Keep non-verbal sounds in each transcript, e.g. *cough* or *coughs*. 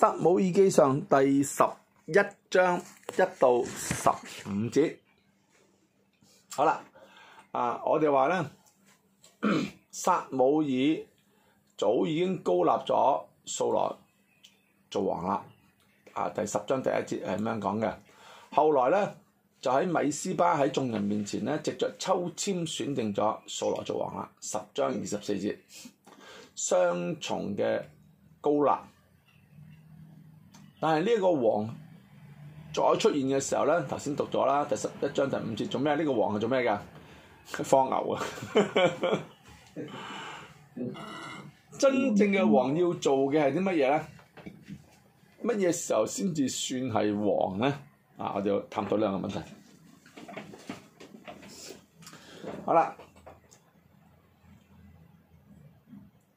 撒母耳記上第十一章一到十五節，好啦，啊，我哋話咧，撒 *coughs* 母耳早已經膏立咗掃羅做王啦，啊，第十章第一節係咁樣講嘅。後來咧，就喺米斯巴喺眾人面前咧，藉著抽籤選定咗掃羅做王啦。十章二十四節，雙重嘅膏立。但係呢一個王再出現嘅時候咧，頭先讀咗啦，第十一章第五節做咩？呢、這個王係做咩噶？放牛啊！ *laughs* 真正嘅王要做嘅係啲乜嘢咧？乜嘢時候先至算係王咧？啊，我哋要探討兩個問題。好啦，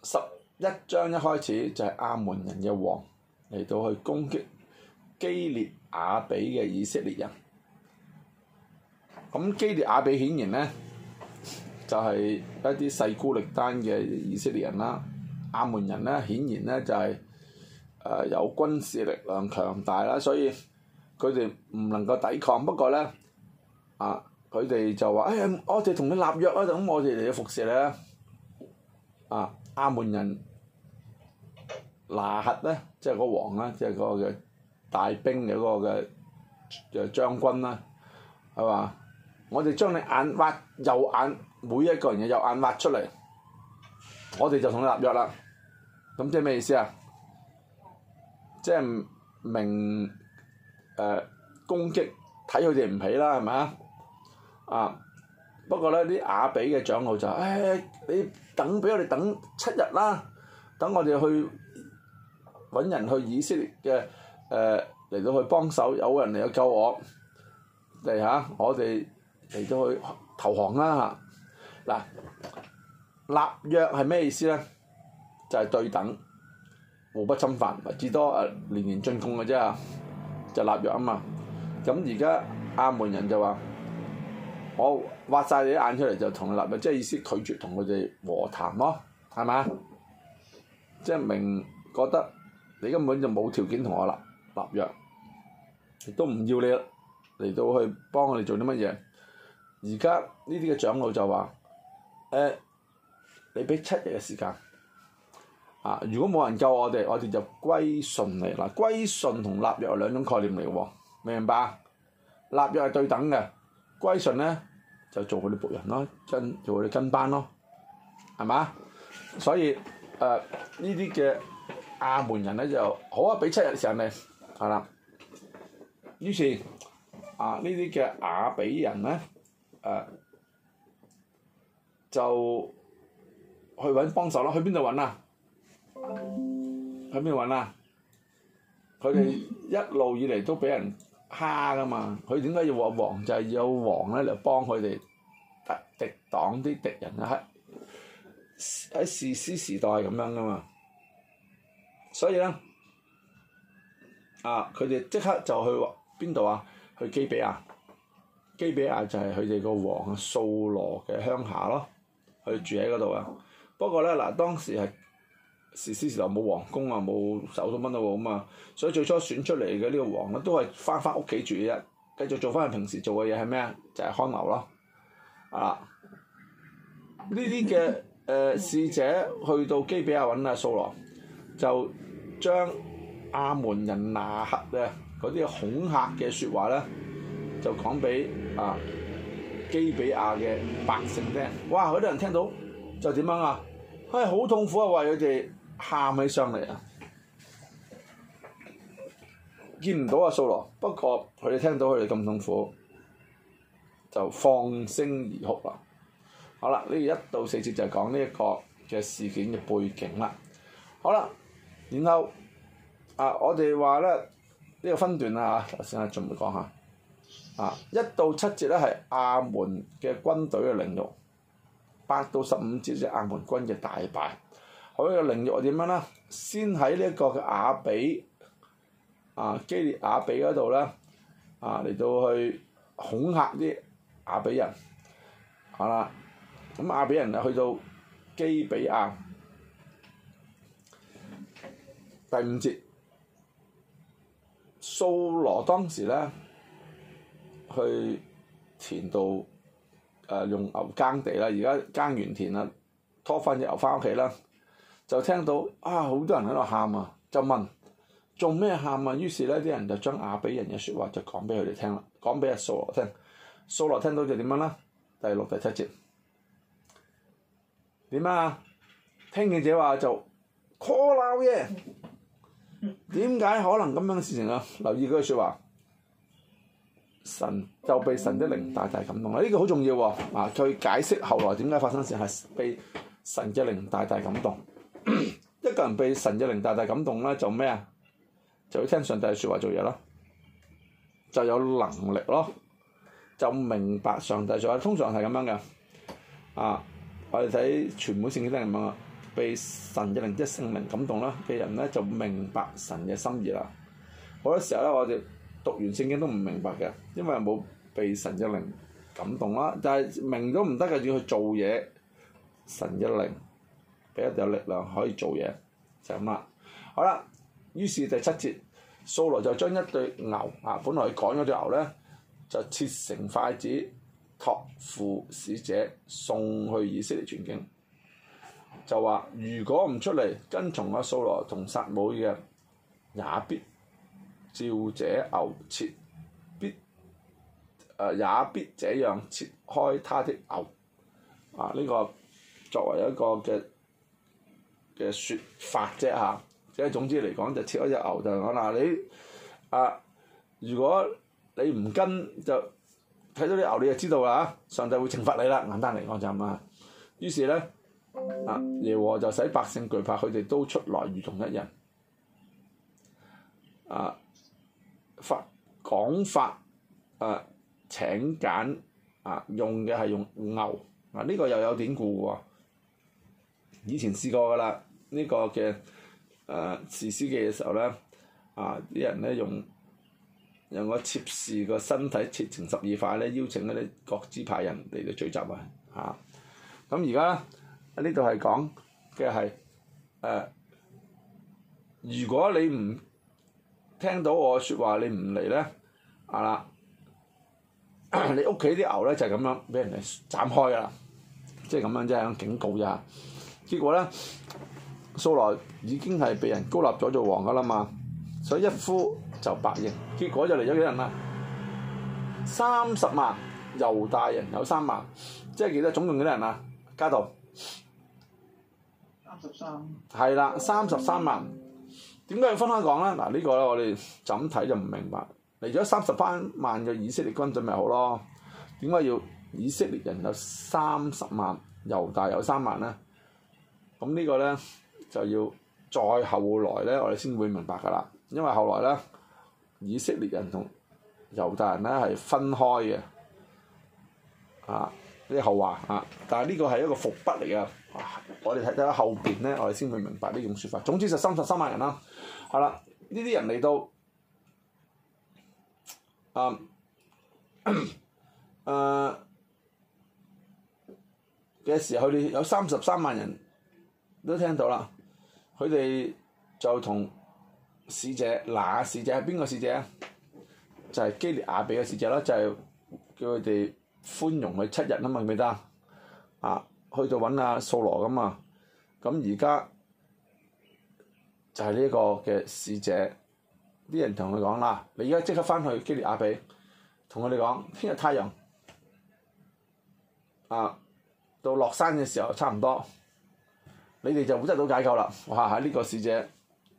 十一章一開始就係亞捫人嘅王。嚟到去攻擊基列雅比嘅以色列人，咁基列雅比顯然咧就係一啲勢孤力單嘅以色列人啦，亞門人咧顯然咧就係誒有軍事力量強大啦，所以佢哋唔能夠抵抗。不過咧，啊佢哋就話：哎呀，我哋同佢立約啦，咁我哋嚟到服侍啦，啊亞門人。拿轄咧，即係個王咧，即係嗰個嘅大兵嘅嗰個嘅嘅將軍啦，係嘛？我哋將你眼挖右眼，每一個人嘅右眼挖出嚟，我哋就同你立約啦。咁即係咩意思啊？即係明誒、呃、攻擊睇佢哋唔起啦，係咪啊？啊！不過咧，啲雅比嘅長老就誒、是哎，你等俾我哋等七日啦，等我哋去。揾人去以色列嘅，誒、呃、嚟到去幫手，有人嚟去救我，嚟嚇，我哋嚟到去投降啦嚇，嗱，立約係咩意思咧？就係、是、對等，互不侵犯，至多誒年年進貢嘅啫，就立約啊嘛。咁而家亞門人就話，我挖晒你啲眼出嚟就同你立約，即、就、係、是、意思拒絕同佢哋和談咯、哦，係咪？即、就、係、是、明覺得。你根本就冇條件同我立立約，亦都唔要你啦，嚟到去幫我哋做啲乜嘢？而家呢啲嘅長老就話，誒、呃，你俾七日嘅時間，啊，如果冇人救我哋，我哋就歸順你啦。歸順同立約係兩種概念嚟喎，明唔明白？立約係對等嘅，歸順咧就做佢哋僕人咯，跟做佢哋跟班咯，係嘛？所以誒呢啲嘅。呃亞門人咧就好啊！俾七日嘅時候咧，係啦。於是啊，呢啲嘅亞比人咧，誒、啊、就去揾幫手咯。去邊度揾啊？去邊度揾啊？佢哋一路以嚟都俾人蝦噶嘛。佢點解要話王？就係、是、要王咧嚟幫佢哋，敵擋啲敵人啊！喺士師時代咁樣噶嘛。所以咧，啊，佢哋即刻就去邊度啊？去基比亞，基比亞就係佢哋個王掃羅嘅鄉下咯，佢住喺嗰度啊。不過咧嗱、啊，當時係士師時代冇王宮啊，冇首都乜都冇啊嘛，所以最初選出嚟嘅呢個王咧，都係翻返屋企住嘅啫，繼續做翻佢平時做嘅嘢係咩啊？就係、是、看牛咯，啊，呢啲嘅誒使者去到基比亞揾阿掃羅。就將亞捫人拿轄嘅嗰啲恐嚇嘅説話咧，就講俾啊基比亞嘅百姓聽。哇！好多人聽到就點樣啊？唉、哎，好痛苦啊！話佢哋喊起上嚟啊！見唔到啊，掃羅。不過佢哋聽到佢哋咁痛苦，就放聲而哭啦。好啦，呢一到四節就係講呢一個嘅事件嘅背景啦。好啦。然後，啊，我哋話咧呢、呢個分段啦嚇，頭先啊仲未講下，啊一到七節咧係亞門嘅軍隊嘅領域，八到十五節即係亞門軍嘅大敗，佢嘅領域係點樣咧？先喺呢一個嘅亞比，啊基列亞比嗰度咧，啊嚟到去恐嚇啲亞比人，係、啊、啦，咁亞、啊啊、比人就去到基比亞。第五節，掃羅當時咧去田度誒、呃、用牛耕地啦，而家耕完田啦，拖翻隻牛翻屋企啦，就聽到啊好多人喺度喊啊，就問做咩喊啊？於是咧啲人就將亞比人嘅説話就講俾佢哋聽啦，講俾阿掃羅聽，掃羅聽到就點樣啦？第六、第七節點啊？聽見者話就 call 耶！點解可能咁樣嘅事情啊？留意句説話，神就被神的靈大大感動啦！呢句好重要喎、啊。啊，佢解釋後來點解發生嘅事係被神嘅靈大大感動。 *coughs* 一個人被神嘅靈大大感動咧，就咩啊？就要聽上帝嘅説話做嘢咯，就有能力咯，就明白上帝説話。通常係咁樣嘅。啊，我哋睇全部聖經都係咁啊！被神一靈即係聖靈感動啦嘅人咧，就明白神嘅心意啦。好多時候咧，我哋讀完聖經都唔明白嘅，因為冇被神一靈感動啦。但係明都唔得嘅，要去做嘢。神一靈俾一啲力量可以做嘢，就咁、是、啦。好啦，於是第七節，掃羅就將一對牛啊，本來佢趕嗰對牛咧，就切成筷子，託付使者送去以色列全境。就話如果唔出嚟跟從阿掃羅同撒母嘅，也必照這牛切必誒、呃、也必這樣切開他的牛啊！呢、這個作為一個嘅嘅説法啫嚇，即、啊、係總之嚟講就切開隻牛就係講嗱，你啊，如果你唔跟就睇到啲牛你就知道啦，上帝會懲罰你啦，簡單嚟講就咁啊，於是咧。啊！耶和就使百姓懼怕，佢哋都出來如同一人。啊！法講法，啊請柬啊，用嘅係用牛啊！呢個又有典故喎、啊。以前試過㗎啦，呢個嘅誒士師記嘅時候咧，啊啲人咧用用個妾侍個身體切成十二塊咧，邀請嗰啲各支派人嚟到聚集啊！啊，咁而家。呢度係講嘅係誒，如果你唔聽到我説話，你唔嚟咧，啊啦，你屋企啲牛咧就係咁樣俾人哋斬開噶啦，即係咁樣啫，即係咁警告啫。結果咧，掃羅已經係被人膏立咗做王噶啦嘛，所以一呼就百應。結果就嚟咗幾人啊？三十萬，猶大人有三萬，即係記得總共幾多人啊？加道。係啦，三十三萬，點解要分開講呢？嗱，呢個呢，我哋就咁睇就唔明白。嚟咗三十三萬嘅以色列軍隊咪好咯？點解要以色列人有三十萬，猶大有三萬呢？咁呢個呢，就要再後來呢，我哋先會明白噶啦。因為後來呢，以色列人同猶大人呢係分開嘅，啊，呢後話啊，但係呢個係一個伏筆嚟嘅。我哋睇睇後邊咧，我哋先會明白呢種説法。總之就三十三萬人啦，啊，好啦，呢啲人嚟到啊，誒嘅、啊、時候，佢哋有三十三萬人都聽到啦。佢哋就同使者嗱，使者係邊個使者？就是使者就是、啊？就係基列亞比嘅使者啦，就係叫佢哋寬容佢七日啊嘛，得唔得啊？去到揾阿掃羅咁啊，咁而家就係呢一個嘅使者，啲人同佢講啦，你而家即刻翻去基列雅比，同佢哋講，聽日太陽啊到落山嘅時候差唔多，你哋就會得到解救啦。哇！喺、這、呢個使者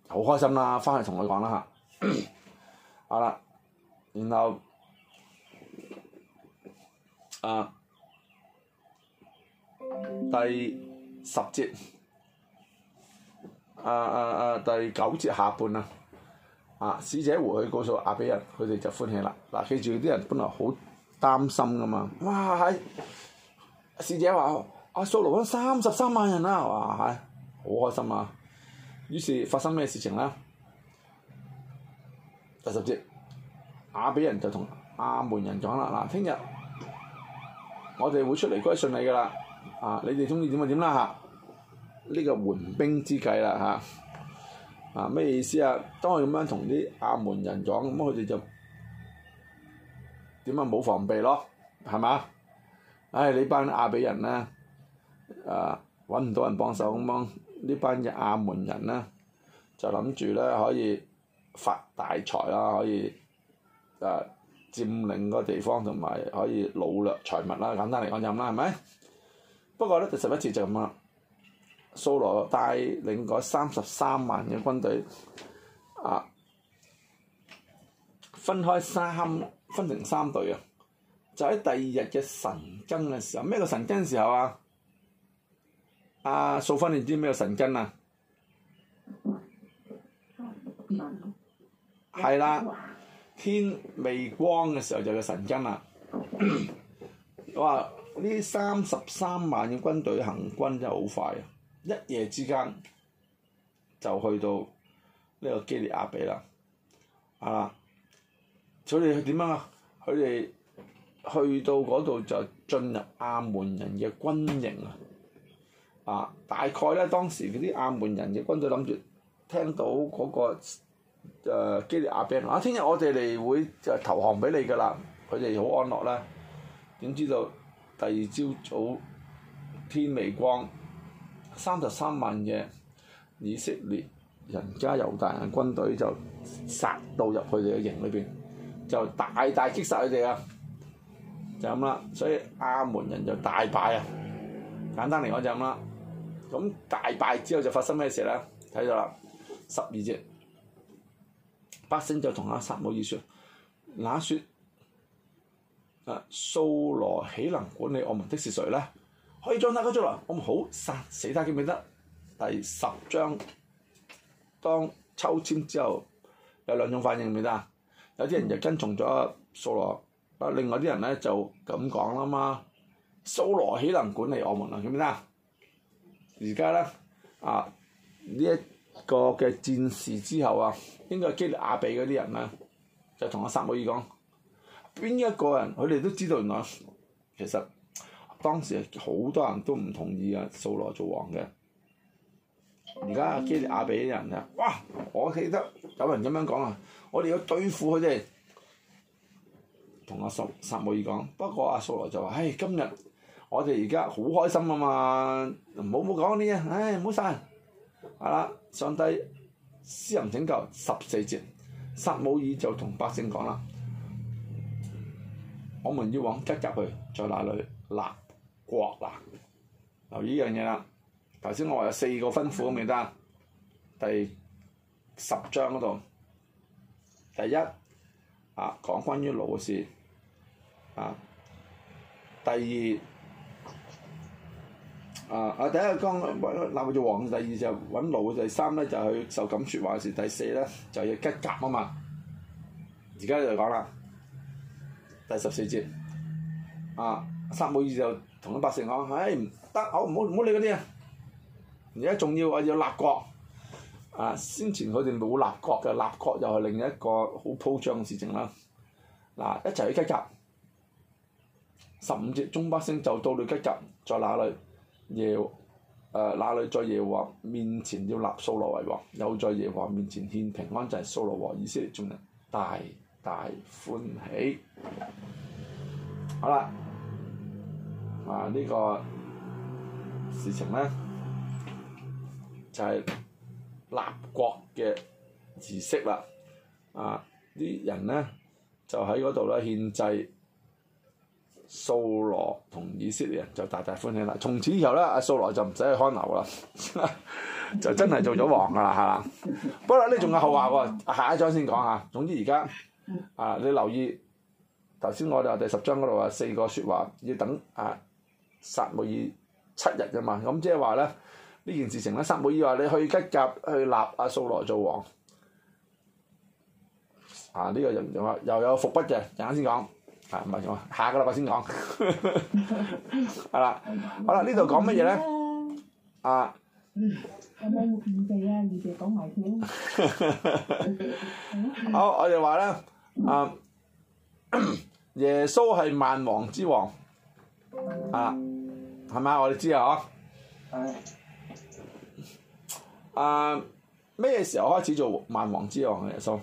好開心啦，翻去同佢講啦嚇，好、啊、啦、啊，然後啊～第十節，啊啊啊！第九節下半啊，啊，使者回去告訴阿比人，佢哋就歡喜啦。嗱、啊，記住啲人本來好擔心噶嘛，哇！係、啊，使者話阿掃羅分三十三萬人啦，哇、啊！係、啊，好、啊、開心啊。於是發生咩事情咧？第十節，阿比人就同阿門人講啦：嗱、啊，聽日我哋會出嚟歸順你噶啦。啊！你哋中意點就點啦嚇，呢、啊這個緩兵之計啦嚇，啊咩、啊、意思啊？當係咁樣同啲亞門人講，咁佢哋就點啊冇防備咯，係嘛？唉、哎，你班亞比人啦，啊揾唔到人幫手咁樣，呢、啊、班亞門人啦就諗住咧可以發大財啦，可以啊佔領個地方同埋可以擄掠財物啦，簡單嚟講就咁啦，係咪？不過咧，第十一次就咁啦。掃羅帶領嗰三十三萬嘅軍隊，啊，分開三分成三隊啊。就喺第二日嘅晨更嘅時候，咩叫晨更嘅時候啊？阿素芬，你知咩叫晨更啊？係啦、啊， *laughs* 天未光嘅時候就叫晨更啦。我話。 *coughs* 啊呢三十三萬嘅軍隊行軍真係好快啊！一夜之間就去到呢個基列亞比啦，啊！佢哋點樣啊？佢哋去到嗰度就進入亞門人嘅軍營啊！啊，大概咧當時嗰啲亞門人嘅軍隊諗住聽到嗰個、呃、基列亞比，啊，聽日我哋嚟會就投降俾你㗎啦，佢哋好安樂啦。點知道？第二朝早天未光，三十三萬嘅以色列人加猶大人軍隊就殺到入佢哋嘅營裏邊，就大大擊殺佢哋啊！就咁啦，所以亞捫人就大敗啊！簡單嚟講就咁啦。咁大敗之後就發生咩事咧？睇到啦，十二節，百姓就同阿撒母耳説：那説啊！掃羅豈能管理我們的是誰咧？可以將他交出來，我唔好殺死他，記唔記得？第十章，當抽籤之後，有兩種反應，記得？有啲人就跟從咗掃羅，掃羅記記，啊，另外啲人咧就咁講啦嘛。掃羅豈能管理我們啊？記唔記得？而家咧，啊，呢一個嘅戰事之後啊，應該係基列雅比嗰啲人啊，就同阿撒母耳講。邊一個人，佢哋都知道原來其實當時好多人都唔同意阿掃羅做王嘅。而家阿基列雅比啲人啊，哇！我記得有人咁樣講啊，我哋要對付佢哋。同阿掃撒母耳講，不過阿掃羅就話：唉、哎，今日我哋而家好開心啊嘛，唔好冇講呢。啊，唉，唔好散，係啦，上帝，私人拯救十四節，撒母耳就同百姓講啦。我們要往吉甲去，在哪裏立國立？留意呢樣嘢啦。頭先我話有四個吩咐咁咪得。第十章嗰度，第一啊講關於勞事啊，第二啊，啊第一講立住王，第二就揾勞，第三咧就去、是、受感説話嘅事，第四咧就要、是、吉甲啊嘛。而家就講啦。第十四節，啊，撒母耳就同啲百姓講：，唉，唔得，好唔好唔好理嗰啲啊！而家仲要啊，要立國，啊，先前佢哋冇立國，就立國又係另一個好鋪張嘅事情啦。嗱、啊，一齊去吉甲，十五節，眾百姓就到了吉甲，在那裏耶？誒、呃，那裏在耶和華面前要立掃羅為王，又在耶和華面前獻平安就祭掃羅和以色列眾人大。大歡喜，好啦，啊呢、這個事情咧就係、是、立國嘅儀式啦，啊啲人咧就喺嗰度咧獻祭，掃羅同以色列人就大大歡喜啦。從此以後咧，阿、啊、掃羅就唔使去看牛啦， *laughs* 就真係做咗王噶啦，係 *laughs* 不過呢仲有後話喎，下一章先講嚇。總之而家。啊！你留意頭先我哋話第十章嗰度話四個説話，要等啊撒母耳七日嘅嘛。咁即係話咧呢件事情咧，撒母耳話你去吉甲去立阿掃羅做王。啊！呢、啊這個又又又有伏筆嘅，陣間先講，係唔係？下個禮拜先講，係 *laughs* 啦。 *laughs* 好啦，呢度講乜嘢咧？啊？有冇啊？預備講埋好，我哋話咧。啊、uh, *coughs* 耶穌係萬王之王，啊、uh,，係咪啊？我哋知啊，啊！咩、 *coughs* uh, 時候開始做萬王之王嘅耶穌？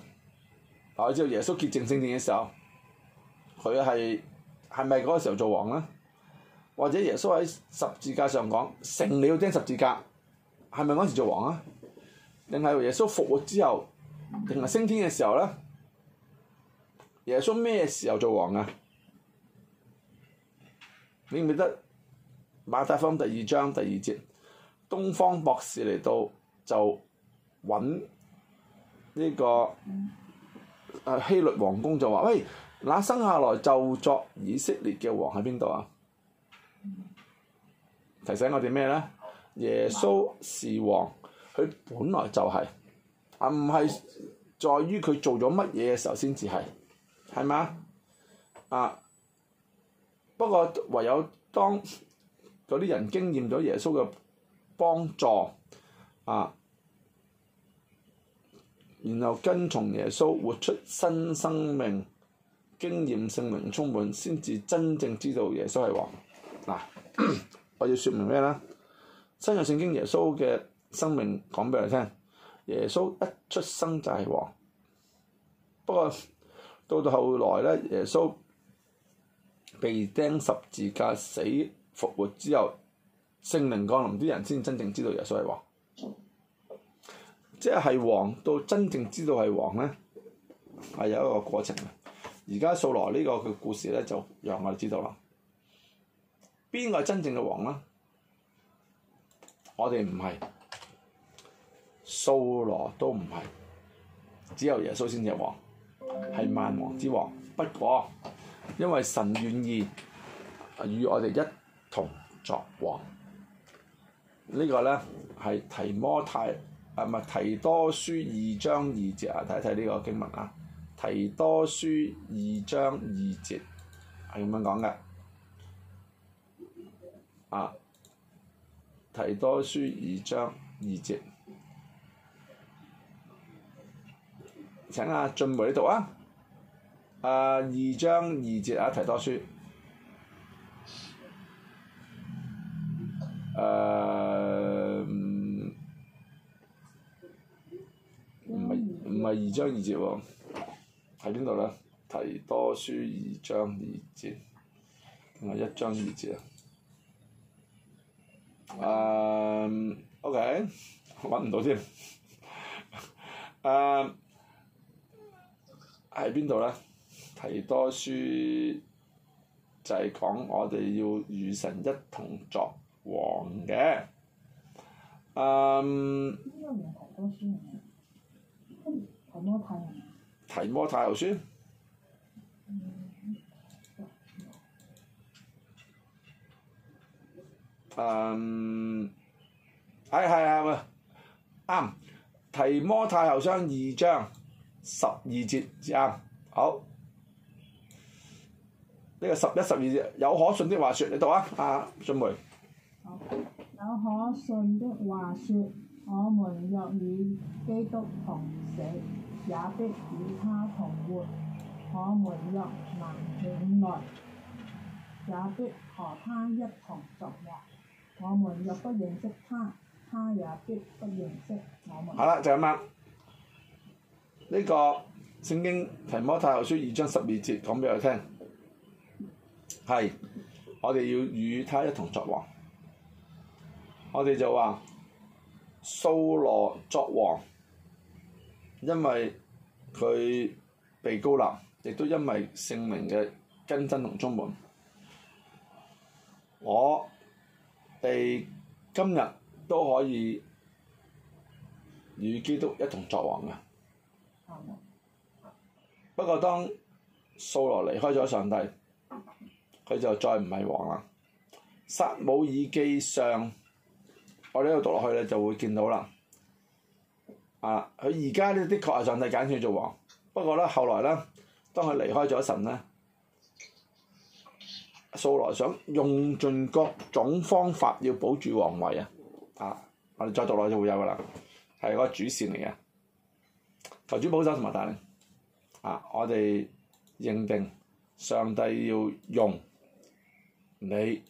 我知道耶穌潔淨聖殿嘅時候，佢係係咪嗰個時候做王咧？或者耶穌喺十字架上講成了釘十字架，係咪嗰陣時做王啊？定係耶穌復活之後，定係升天嘅時候咧？耶穌咩時候做王啊？你唔記得馬太福音第二章第二節，東方博士嚟到就揾呢個希律王宮，就話：喂，嗱，生下來就作以色列嘅王喺邊度啊？提醒我哋咩咧？耶穌是王，佢本來就係、是、啊，唔係在於佢做咗乜嘢嘅時候先至係。係嘛？啊！不過唯有當嗰啲人經驗咗耶穌嘅幫助啊，然後跟從耶穌活出新生命，經驗聖靈充滿，先至真正知道耶穌係王。嗱、啊， *coughs* 我要説明咩咧？新約聖經耶穌嘅生命講俾你聽，耶穌一出生就係王。不過，到到後來咧，耶穌被釘十字架死復活之後，聖靈降臨，啲人先真正知道耶穌係王，即係係王到真正知道係王咧，係有一個過程嘅。而家掃羅呢個嘅故事咧，就讓我哋知道啦。邊個係真正嘅王咧？我哋唔係，掃羅都唔係，只有耶穌先至係王。係萬王之王，不過，因為神願意與我哋一同作王，這個、呢個咧係提摩太啊，唔係提多書二章二節啊，睇睇呢個經文啊。提多書二章二節係咁樣講嘅，啊，提多書二章二節。請啊，俊梅你讀啊！啊，二章二節啊，提多書。誒、啊，唔係唔係二章二節喎、啊，喺邊度咧？提多書二章二節，定、啊、係一章二節啊？誒、啊、OK，揾唔到添。誒、啊。喺邊度咧？提多書就係、是、講我哋要與神一同作王嘅。提摩太書。提摩太後書。嗯。係係係！啱。提摩太後書二章。嗯十二節之啱，好，呢、這個十一、十二節有可信的話說，你讀啊，阿俊梅。有可信的話說，啊，我們若與基督同死，也必與他同活；我們若能忍耐，也必和他一同作王。我們若不認識他，他也必不認識我們。好啦，就咁啦。呢、這個聖經提摩太後書二章十二節講俾我聽，係我哋要與他一同作王。我哋就話掃羅作王，因為佢被膏立，亦都因為聖靈嘅根真同忠門。我哋今日都可以與基督一同作王嘅。不過，當掃羅離開咗上帝，佢就再唔係王啦。撒母耳記上，我呢度讀落去咧就會見到啦。啊，佢而家呢，的確係上帝揀佢做王，不過咧後來咧，當佢離開咗神咧，掃羅想用盡各種方法要保住皇位啊。啊，我哋再讀落去就會有噶啦，係個主線嚟嘅。求主保守同埋帶領。啊！我哋認定上帝要用你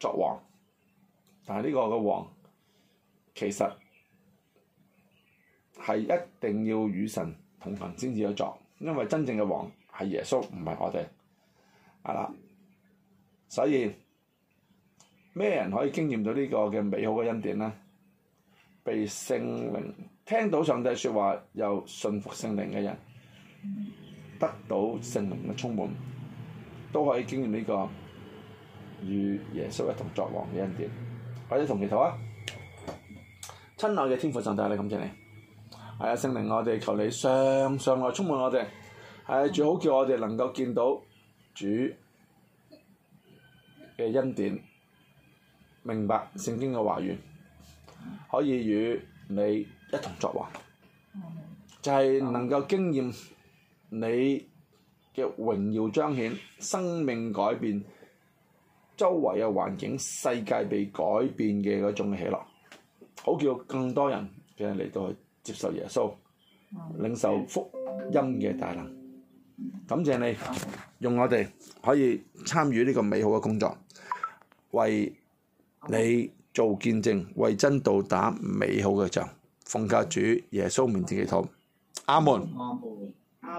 作王，但係呢個嘅王其實係一定要與神同行先至有作，因為真正嘅王係耶穌，唔係我哋。啊啦，所以咩人可以經驗到呢個嘅美好嘅恩典呢？被聖靈聽到上帝説話又信服聖靈嘅人，得到聖靈嘅充滿，都可以經驗呢個與耶穌一同作王嘅恩典。或者同祈禱啊！親愛嘅天父上帝，你感謝你係啊！聖、哎、靈，我哋求你常常來充滿我哋，係、哎、最好叫我哋能夠見到主嘅恩典，明白聖經嘅話語，可以與你一同作王，就係能夠經驗你嘅榮耀彰顯、生命改變、周圍嘅環境、世界被改變嘅嗰種喜樂，好叫更多人嘅嚟到去接受耶穌，領受福音嘅大能。感謝你用我哋可以參與呢個美好嘅工作，為你做見證，為真道打美好嘅仗。奉教主耶穌名字祈禱，阿門。